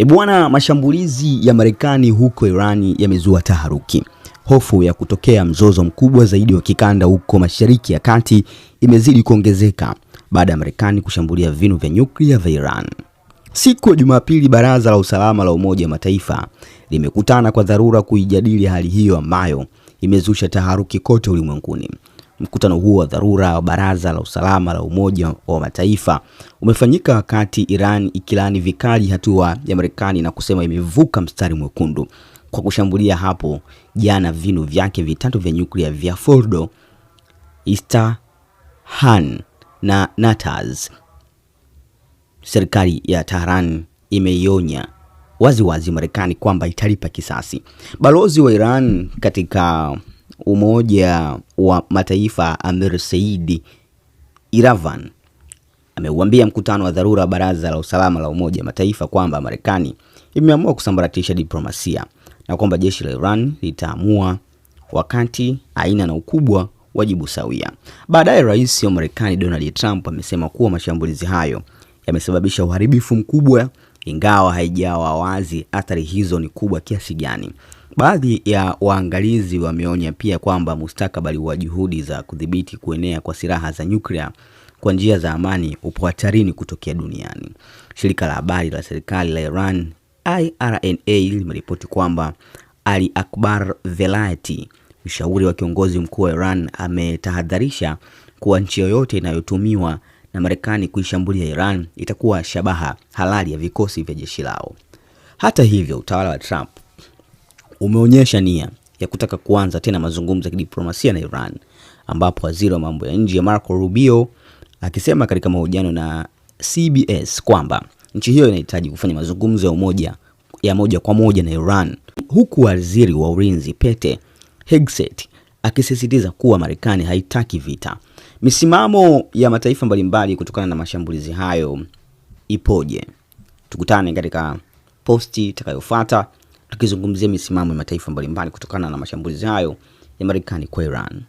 E bwana, mashambulizi ya Marekani huko Irani yamezua taharuki. Hofu ya kutokea mzozo mkubwa zaidi wa kikanda huko Mashariki ya Kati imezidi kuongezeka baada ya Marekani kushambulia vinu vya nyuklia vya Iran. Siku ya Jumapili, Baraza la Usalama la Umoja wa Mataifa limekutana kwa dharura kuijadili hali hiyo ambayo imezusha taharuki kote ulimwenguni. Mkutano huo wa dharura wa Baraza la Usalama la Umoja wa Mataifa umefanyika wakati Iran ikilani vikali hatua ya Marekani na kusema imevuka mstari mwekundu kwa kushambulia hapo jana vinu vyake vitatu vya nyuklia vya Fordo, istahan na natas Serikali ya Tehran imeionya waziwazi Marekani kwamba italipa kisasi. Balozi wa Iran katika Umoja wa Mataifa Amir Saidi Iravan ameuambia mkutano wa dharura wa Baraza la Usalama la Umoja wa Mataifa kwamba Marekani imeamua kusambaratisha diplomasia na kwamba jeshi la Iran litaamua wakati, aina na ukubwa wa jibu sawia. Baadaye rais wa Marekani Donald Trump amesema kuwa mashambulizi hayo yamesababisha uharibifu mkubwa, ingawa haijawa wazi athari hizo ni kubwa kiasi gani. Baadhi ya waangalizi wameonya pia kwamba mustakabali wa juhudi za kudhibiti kuenea kwa silaha za nyuklia kwa njia za amani upo hatarini kutokea duniani. Shirika la habari la serikali la Iran IRNA limeripoti kwamba Ali Akbar Velayati, mshauri wa kiongozi mkuu wa Iran, ametahadharisha kuwa nchi yoyote inayotumiwa na Marekani kuishambulia Iran itakuwa shabaha halali ya vikosi vya jeshi lao. Hata hivyo, utawala wa Trump umeonyesha nia ya kutaka kuanza tena mazungumzo ya kidiplomasia na Iran, ambapo waziri wa mambo ya nje Marco Rubio akisema katika mahojiano na CBS kwamba nchi hiyo inahitaji kufanya mazungumzo ya umoja ya moja kwa moja na Iran, huku waziri wa ulinzi Pete Hegseth akisisitiza kuwa Marekani haitaki vita. Misimamo ya mataifa mbalimbali kutokana na mashambulizi hayo ipoje? Tukutane katika posti itakayofuata tukizungumzia misimamo ya mataifa mbalimbali kutokana na mashambulizi hayo ya Marekani kwa Iran.